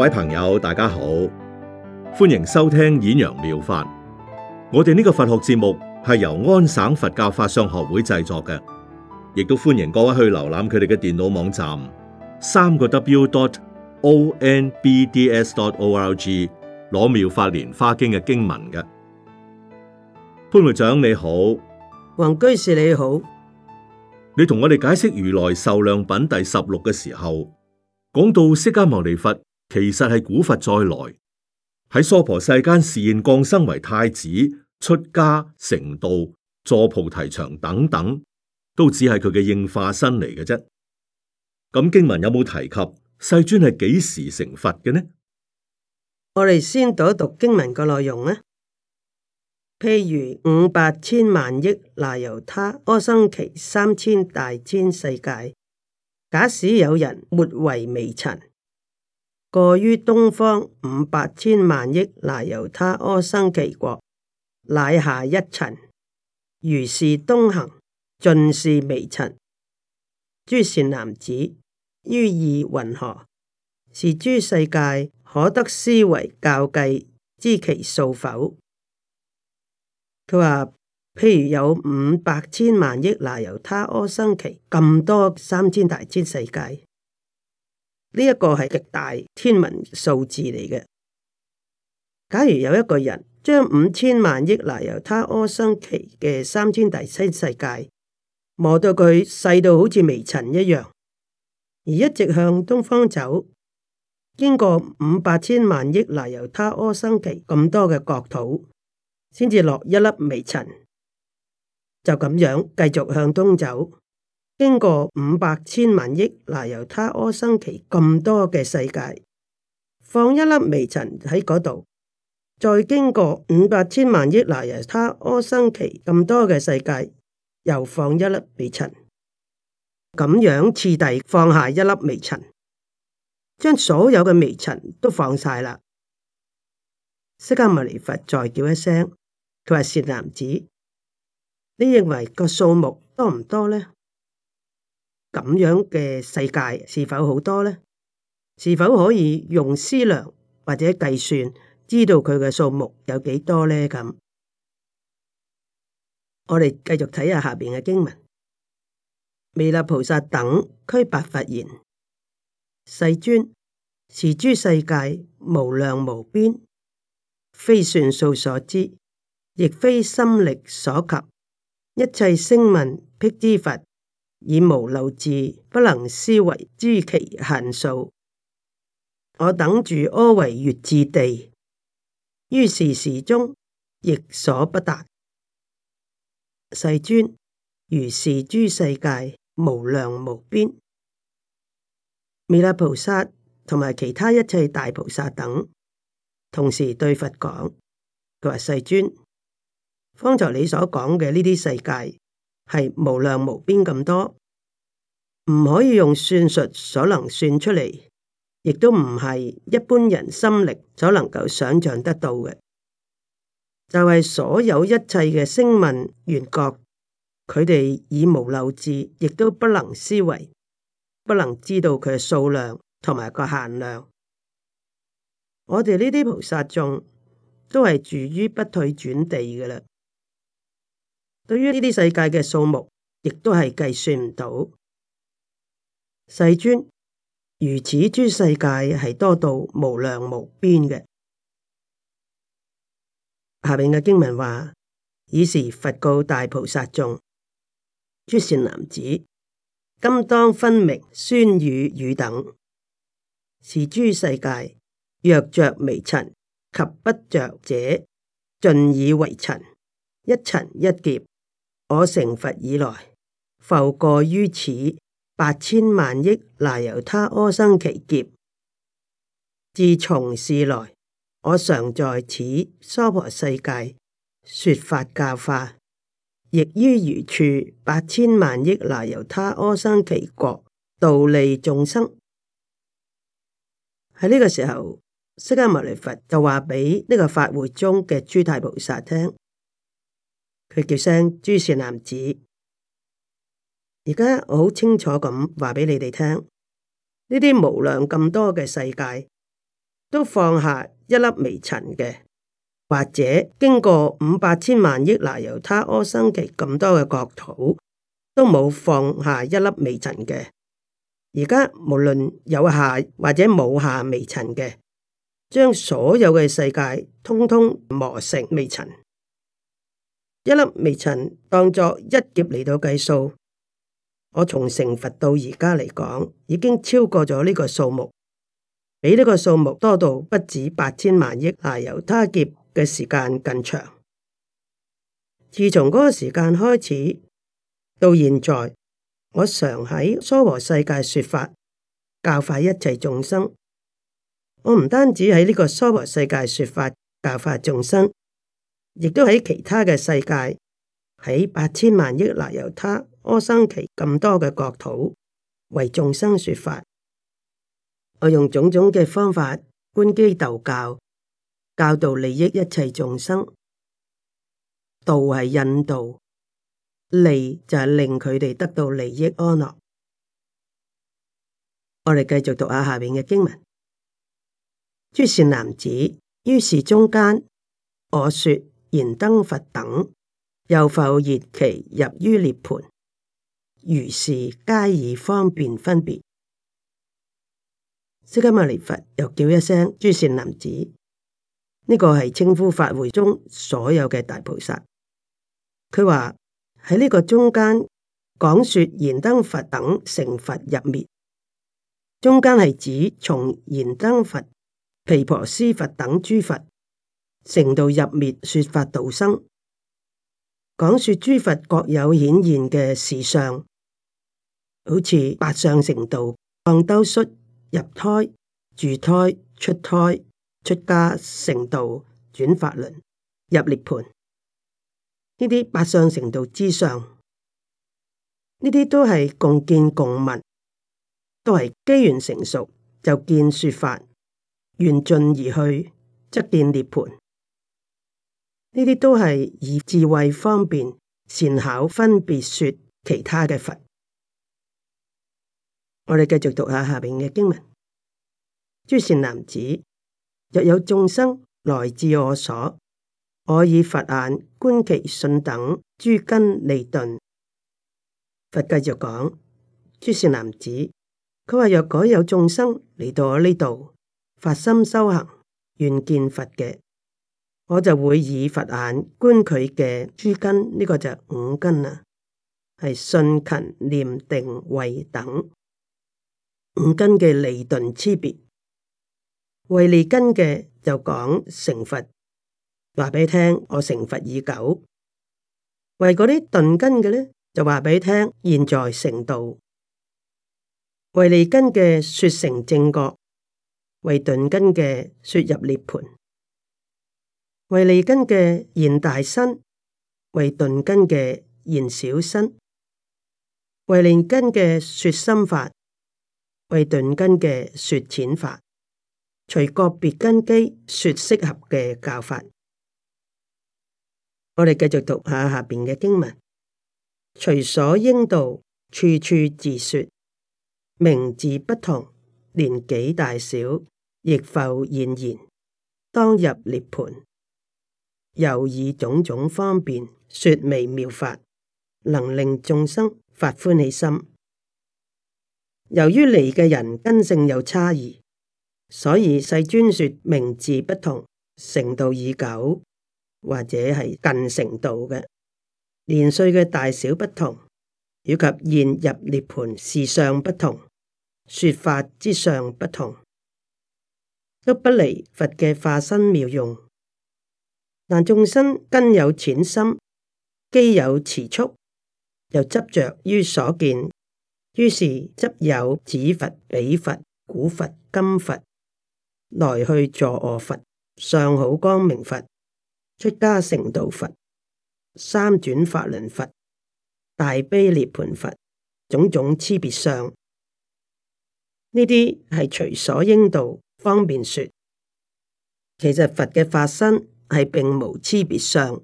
各位朋友，大家好，歡迎收聽演揚妙，妙法。我哋呢個佛學節目係由安省佛教法相學會製作嘅，亦都歡迎各位去瀏覽佢哋嘅電腦網站，三個 w.dot.o.n.b.d.s.dot.o.r.g，攞妙法蓮花經嘅經文嘅。潘會長你好，黃居士你好，你同我哋解釋如來壽量品第十六嘅時候，講到釋迦牟尼佛。其實係古佛再來喺娑婆世間示現降生為太子，出家成道，坐菩提場等等，都只係佢嘅應化身嚟嘅啫。咁經文有冇提及世尊係幾時成佛嘅呢？我哋先讀一讀經文嘅內容啊。譬如五百千萬億那由他阿僧祇三千大千世界，假使有人抹為微塵。過於東方五百千萬億那由他阿僧祇國，乃下一塵，如是東行盡是微塵。諸善男子於意云何？是諸世界可得思維校計知其數否？佢話，譬如有五百千萬億那由他阿僧祇咁多三千大千世界。呢一個係極大天文數字嚟嘅。假如有一個人將五千萬億那由他阿僧祇嘅三千大千世界磨到佢細到好似微塵一樣，而一直向東方走，經過五百千萬億那由他阿僧祇咁多嘅國土，先至落一粒微塵，就咁樣繼續向東走。經過五百千萬億那由他阿僧祇咁多嘅世界，放一粒微塵喺嗰度，再經過五百千萬億那由他阿僧祇咁多嘅世界，又放一粒微塵，咁樣次第放下一粒微塵，將所有嘅微塵都放晒啦。釋迦牟尼佛再叫一聲，佢話善男子，你認為個數目多唔多咧？咁樣嘅世界是否好多呢？是否可以用思量或者計算知道佢嘅數目有幾多呢？咁我哋繼續睇下下面嘅經文。彌勒菩薩等俱白佛言：世尊，是諸世界無量無邊，非算數所知，亦非心力所及。一切聲聞辟支佛以無漏智不能思維知其限數，我等住阿惟越致地，於是時中亦所不達。世尊如是諸世界無量無邊，彌勒菩薩同埋其他一切大菩薩等，同時對佛講：佢話世尊，方才你所講嘅呢啲世界係無量無邊咁多。唔可以用算術所能算出嚟，亦都唔係一般人心力所能夠想象得到嘅。就係、是、所有一切嘅聲聞緣覺，佢哋以無漏智，亦都不能思維，不能知道佢嘅數量同埋個限量。我哋呢啲菩薩眾都係住於不退轉地噶啦，對於呢啲世界嘅數目，亦都係計算唔到。世尊，如此諸世界係多到無量無邊嘅。下邊嘅經文話：爾時佛告大菩薩眾，諸善男子，今當分明宣語汝等，是諸世界若着微塵及不着者，盡以為塵，一塵一劫。我成佛以來，復過於此。八千萬億那由他阿僧祇劫，自從是來，我常在此娑婆世界說法教化，亦於餘處八千萬億那由他阿僧祇國導利眾生。喺呢個時候，釋迦牟尼佛就話俾呢個法會中嘅諸大菩薩聽，佢叫聲諸善男子。而家我好清楚咁話俾你哋聽，呢啲無量咁多嘅世界都放下一粒微塵嘅，或者經過五百千萬億那由他阿僧祇嘅咁多嘅國土，都冇放下一粒微塵嘅。而家無論有下或者冇下微塵嘅，將所有嘅世界通通磨成微塵，一粒微塵當作一劫嚟到計數。我從成佛到而家嚟講，已經超過咗呢個數目，比呢個數目多到不止八千萬億那由他劫嘅時間更長。自從嗰個時間開始到現在，我常喺娑婆世界說法，教化一切眾生。我唔單止喺呢個娑婆世界說法教化眾生，亦都喺其他嘅世界喺八千萬億那由他阿僧祇咁多嘅國土，為眾生說法。我用種種嘅方法，觀機逗教，教導利益一切眾生。道係引導，利就係令佢哋得到利益安樂。我哋繼續讀下下面嘅經文：諸善男子，於是中間，我說燃燈佛等，又復言其入於涅槃。如是皆以方便分別。釋迦牟尼佛又叫一聲諸善男子，呢、這個係稱呼法會中所有嘅大菩薩。佢話喺呢個中間講說燃燈佛等成佛入滅，中間係指從燃燈佛、毗婆尸佛等諸佛成道入滅說法度生，講說諸佛各有顯現嘅事相。好似八相成道，降兜率入胎、住胎、出胎、出家成道，轉法輪、入涅盤，呢啲八相成道之上，呢啲都係共建共物，都係機緣成熟就見說法，緣盡而去則見涅盤，呢啲都係以智慧方便善巧分別說其他嘅佛。我哋繼續讀下下面嘅經文。諸善男子，若有眾生來自我所，我以佛眼觀其信等諸根利鈍。佛繼續講，諸善男子，佢話若果有眾生嚟到我呢度發心修行願見佛嘅，我就會以佛眼觀佢嘅諸根，呢個就係五根啦，係信勤、念定、慧等。五根嘅利鈍之別，為利根嘅就講成佛，話俾你聽我成佛已久；為嗰啲鈍根嘅咧，就話俾你聽現在成道。為利根嘅說成正覺，為鈍根嘅說入涅盤。為利根嘅現大身，為鈍根嘅現小身。為利根嘅說心法。為鈍根嘅說淺法，除個別根基說適合嘅教法。我哋繼續讀下下邊嘅經文，隨所應度，處處自說，名字不同，年紀大小，亦復現言，當入涅槃，又以種種方便說微妙法，能令眾生發歡喜心。由於嚟嘅人根性有差異，所以世尊說名字不同，成道已久或者係近成道嘅，年歲嘅大小不同，以及現入涅槃時相不同，說法之相不同，都不離佛嘅化身妙用。但眾生根有淺深，機有遲速，又執着於所見。於是，則有子佛、彼佛、古佛、今佛，來去助我佛，上好光明佛，出家成道佛，三轉法輪佛，大悲涅槃佛，種種差別相。呢啲係隨所應道方便說，其實佛嘅化身係並無差別相，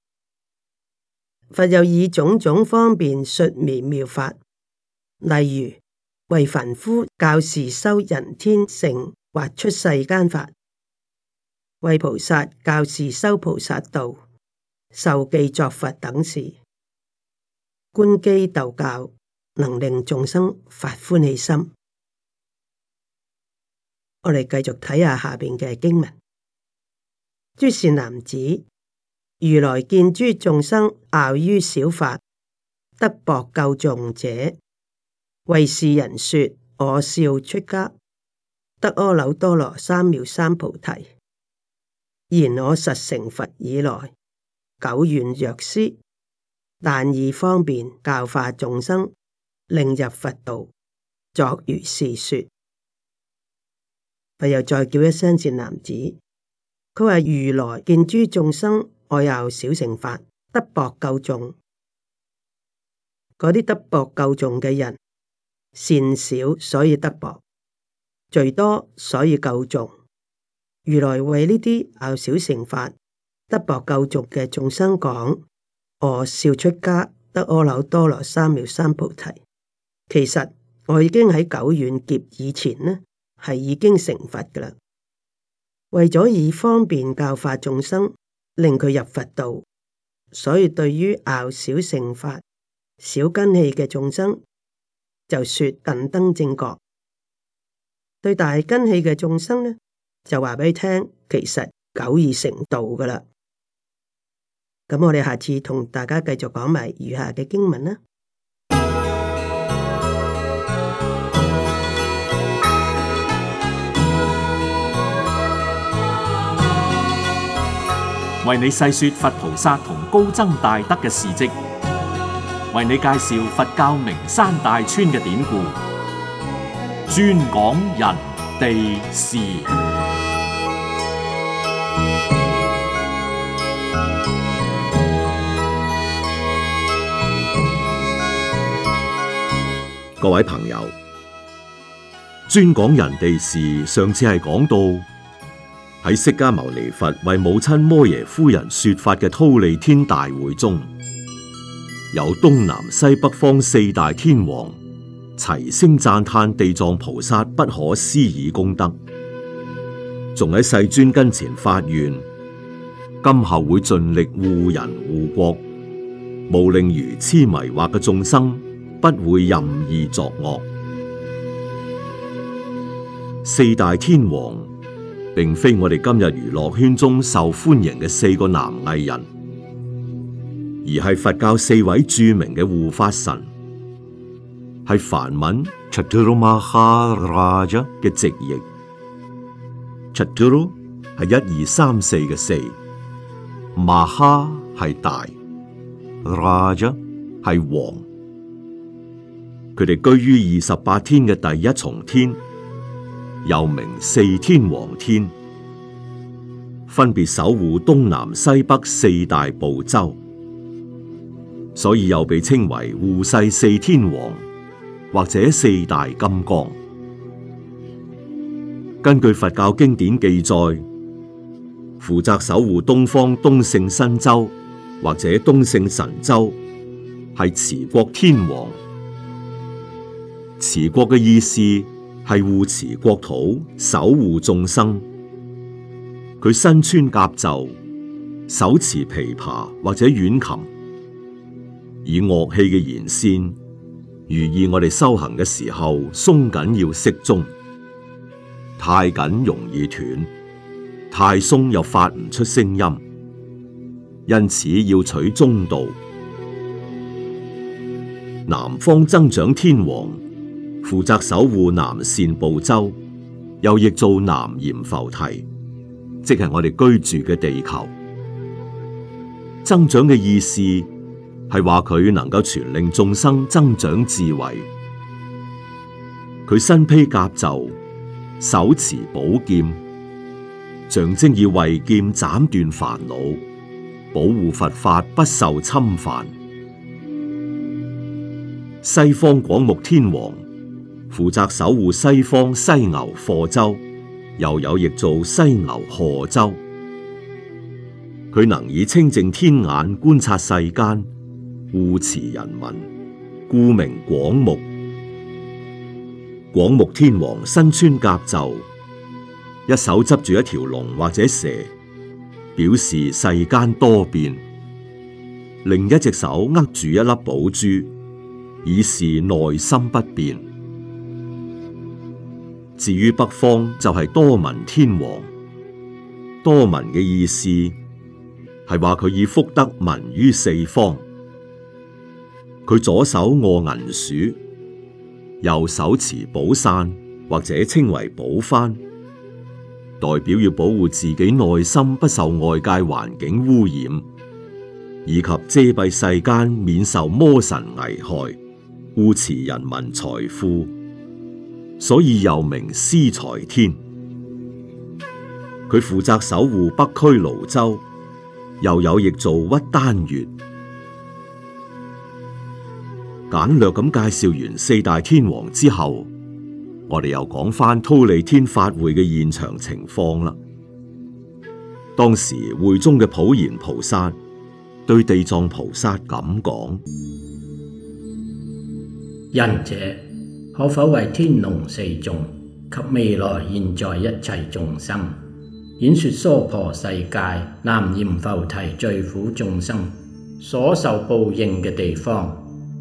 佛又以種種方便說微妙法。例如為凡夫教示修人天乘，或出世間法，為菩薩教示修菩薩道、授記作佛等事，觀機逗教，能令眾生發歡喜心。我哋繼續睇下下面嘅經文：諸善男子，如來見諸眾生，樂於小法，德薄垢重者。為是人說，我少出家，得阿耨多羅三藐三菩提。然我實成佛以來，久遠若斯，但以方便教化眾生，令入佛道，作如是說。佛又再叫一聲善男子，佢話如來見諸眾生，樂於小法，德薄垢重，嗰啲德薄垢重嘅人。善少所以德薄，罪多所以救重。如來為呢啲拗小乘法、德薄救重嘅眾生講：我少出家得阿耨多羅三藐三菩提。其實我已經喺久遠劫以前呢，係已經成佛噶啦。為咗以方便教化眾生，令佢入佛道，所以對於拗小乘法、小根器嘅眾生。就說近登正覺，對大根器嘅眾生呢，就話俾你聽，其實久已成道噶啦。咁我哋下次同大家繼續講埋餘下嘅經文啦。為你細說佛菩薩同高僧大德嘅事跡。為你介紹佛教名山大川嘅典故，專講人地事。各位朋友，專講人地事。上次係講到喺釋迦牟尼佛為母親摩耶夫人說法嘅忉利天大會中。由東南西北方四大天王齊聲讚歎地藏菩薩不可思議功德，仲喺世尊跟前發願，今後會盡力護人護國，無令如癡迷惑嘅眾生不會任意作惡。四大天王，並非我哋今日娛樂圈中受歡迎嘅四個男藝人。而係佛教四位著名嘅護法神，係梵文 chaturmaha raja 嘅直譯。chatur、ah、係 Ch 一二三四嘅四，maha 係大，raja 係王。佢哋居於二十八天嘅第一重天，又名四天王天，分別守護東南西北四大部洲。所以又被稱為護世四天王，或者四大金剛。根據佛教經典記載，負責守護東方東勝新州或者東勝神州，係持國天王。持國嘅意思係護持國土、守護眾生。佢身穿甲胄，手持琵琶或者阮琴。以樂器嘅弦線，如意我哋修行嘅時候，鬆緊要適中，太緊容易斷，太鬆又發唔出聲音，因此要取中道。南方增長天王負責守護南贍部洲，又譯做南閻浮提，即係我哋居住嘅地球。增長嘅意思。係話佢能夠全令眾生增長智慧，佢身披甲胄，手持寶劍，象徵以慧劍斬斷煩惱，保護佛法不受侵犯。西方廣目天王負責守護西方西牛貨洲，又有譯做西牛賀洲。佢能以清淨天眼觀察世間。護持人民，故名廣目。廣目天王身穿甲胄，一手執住一條龍或者蛇，表示世間多變；另一隻手握住一粒寶珠，以示內心不變。至於北方就係多聞天王，多聞嘅意思係話佢以福德聞於四方。佢左手握銀鼠，右手持寶傘，或者稱為寶幡，代表要保護自己內心不受外界環境污染，以及遮蔽世間免受魔神危害，護持人民財富，所以又名施財天。佢負責守護北俱盧洲，又有譯做鬱單越。簡略咁介紹完四大天王之後，我哋又講翻忉利天法會嘅現場情況啦。當時會中嘅普賢菩薩對地藏菩薩咁講：仁者，可否為天龍四眾及未來現在一切眾生，演說娑婆世界南閻浮提最苦眾生所受報應嘅地方？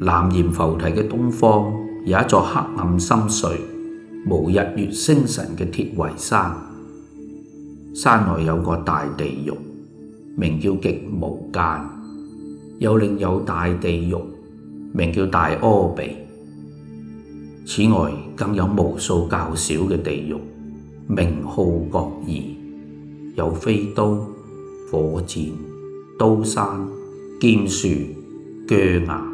南閻浮提嘅東方有一座黑暗深邃、無日月星辰嘅鐵圍山，山內有個大地獄，名叫極無間；又另有大地獄，名叫大阿鼻。此外，更有無數較小嘅地獄，名號各異，有飛刀、火箭、刀山、劍樹、鋸牙。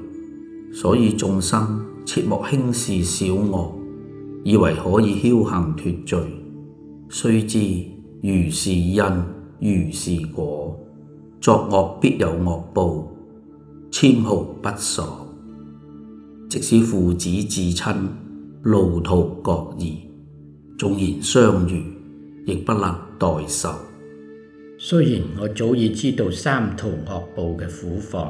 所以眾生切莫輕視小惡，以為可以僥倖脫罪。須知如是因如是果，作惡必有惡報，千毫不爽，即使父子至親，路途各異，縱然相遇，亦不能代受。雖然我早已知道三途惡報嘅苦況。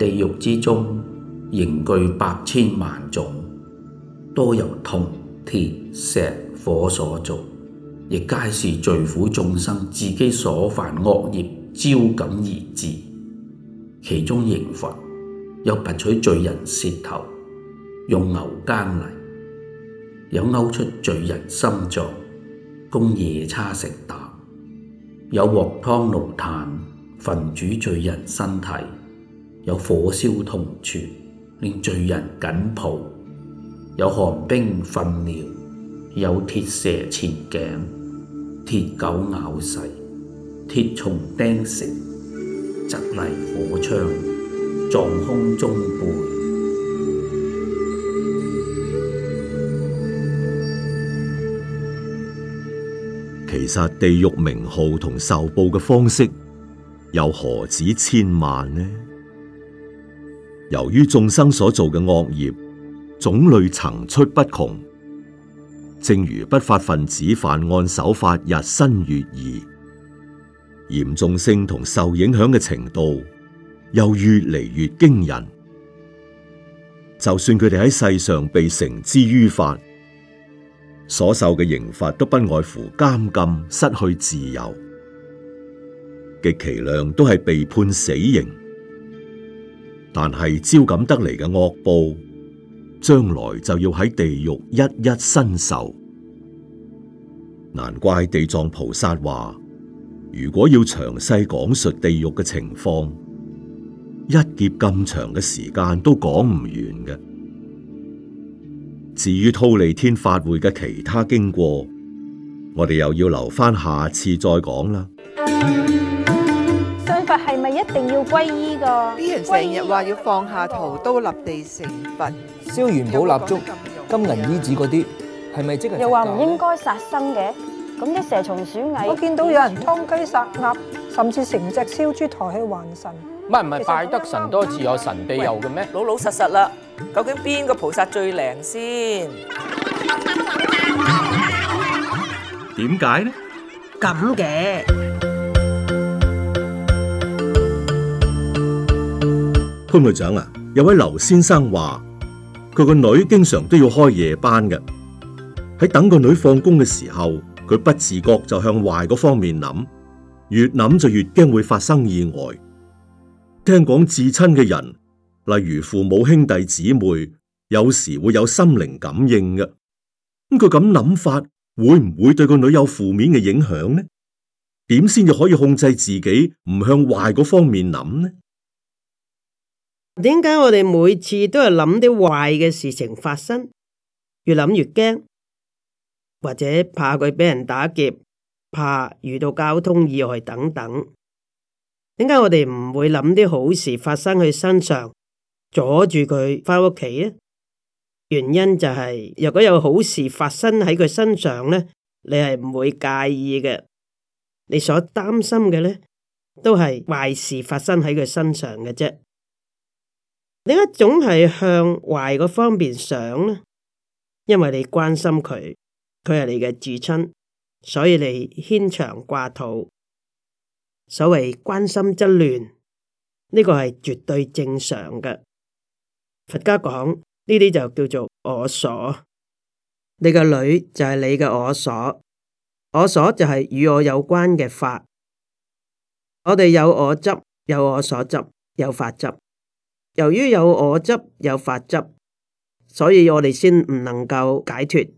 地獄之中，刑具百千萬種，多由銅、鐵、石、火所造，亦皆是罪苦眾生自己所犯惡業招感而至。其中刑罰有拔取罪人舌頭，用牛耕犁，有勾出罪人心臟，供夜叉食啖，有鑊湯爐炭焚煮罪人身體。有火燒銅柱，令罪人緊抱；有寒冰分裂，有鐵蛇纏頸，鐵狗咬噬，鐵蟲釘食，執泥火槍，撞胸中背。其實地獄名號同受報嘅方式，又何止千萬呢？由於眾生所做嘅惡業種類層出不窮，正如不法分子犯案手法日新月異，嚴重性同受影響嘅程度又越嚟越驚人。就算佢哋喺世上被繩之於法，所受嘅刑罰都不外乎監禁、失去自由，極其量都係被判死刑。但係招感得嚟嘅惡報，將來就要喺地獄一一身受。難怪地藏菩薩話：如果要詳細講述地獄嘅情況，一劫咁長嘅時間都講唔完嘅。至於忉利天法會嘅其他經過，我哋又要留翻下,下次再講啦。係咪一定要皈依個？啲人成日話要放下屠刀立地成佛，燒元寶蠟燭、金銀衣紙嗰啲，係咪即係？又話唔應該殺生嘅，咁啲蛇蟲鼠蟻，我見到有人湯雞殺鴨，甚至成隻燒豬抬去還神。唔係唔係，拜得神多自有神庇佑嘅咩？老老實實啦，究竟邊個菩薩最靈先？點解呢？咁嘅。潘局長啊，有位劉先生話，佢個女經常都要開夜班嘅，喺等個女放工嘅時候，佢不自覺就向壞個方面諗，越諗就越驚會發生意外。聽講至親嘅人，例如父母、兄弟、姊妹，有時會有心靈感應嘅。咁佢咁諗法，會唔會對個女有負面嘅影響呢？點先至可以控制自己唔向壞個方面諗呢？點解我哋每次都係諗啲壞嘅事情發生，越諗越驚，或者怕佢俾人打劫，怕遇到交通意外等等。點解我哋唔會諗啲好事發生佢身上，阻住佢翻屋企呢？原因就係，如果有好事發生喺佢身上呢，你係唔會介意嘅。你所擔心嘅呢，都係壞事發生喺佢身上嘅啫。你一種係向壞個方面想呢？因為你關心佢，佢係你嘅至親，所以你牽腸掛肚。所謂關心則亂，呢、這個係絕對正常嘅。佛家講呢啲就叫做我所。你個女就係你嘅我所，我所就係與我有關嘅法。我哋有我執，有我執，有我所執，有法執。由於有我執，有法執，所以我哋先唔能夠解脫。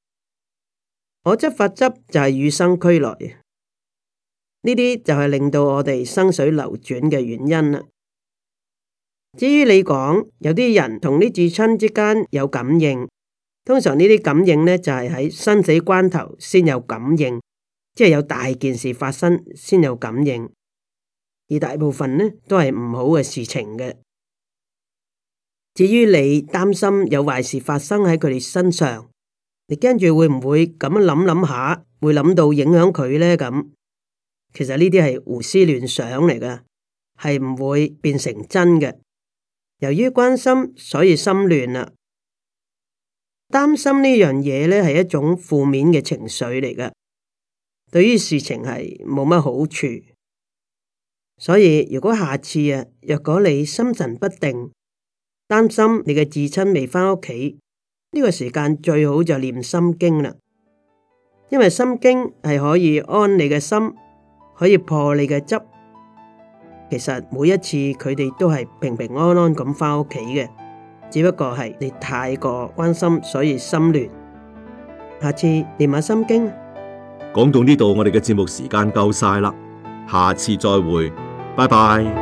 我執法執就係與生俱來嘅，呢啲就係令到我哋生水流轉嘅原因啦。至於你講有啲人同呢至親之間有感應，通常呢啲感應呢就係、是、喺生死關頭先有感應，即係有大件事發生先有感應，而大部分呢都係唔好嘅事情嘅。至於你擔心有壞事發生喺佢哋身上，你驚住會唔會咁樣諗諗下，會諗到影響佢呢？咁其實呢啲係胡思亂想嚟㗎，係唔會變成真嘅。由於關心，所以心亂啦。擔心呢樣嘢呢，係一種負面嘅情緒嚟㗎，對於事情係冇乜好處。所以如果下次啊，若果你心神不定。擔心你嘅至親未翻屋企，呢個時間最好就念心經啦，因為心經係可以安你嘅心，可以破你嘅執。其實每一次佢哋都係平平安安咁翻屋企嘅，只不過係你太過關心，所以心亂。下次念下心經。講到呢度，我哋嘅節目時間夠晒啦，下次再會，拜拜。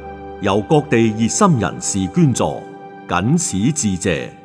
由各地熱心人士捐助，謹此致謝。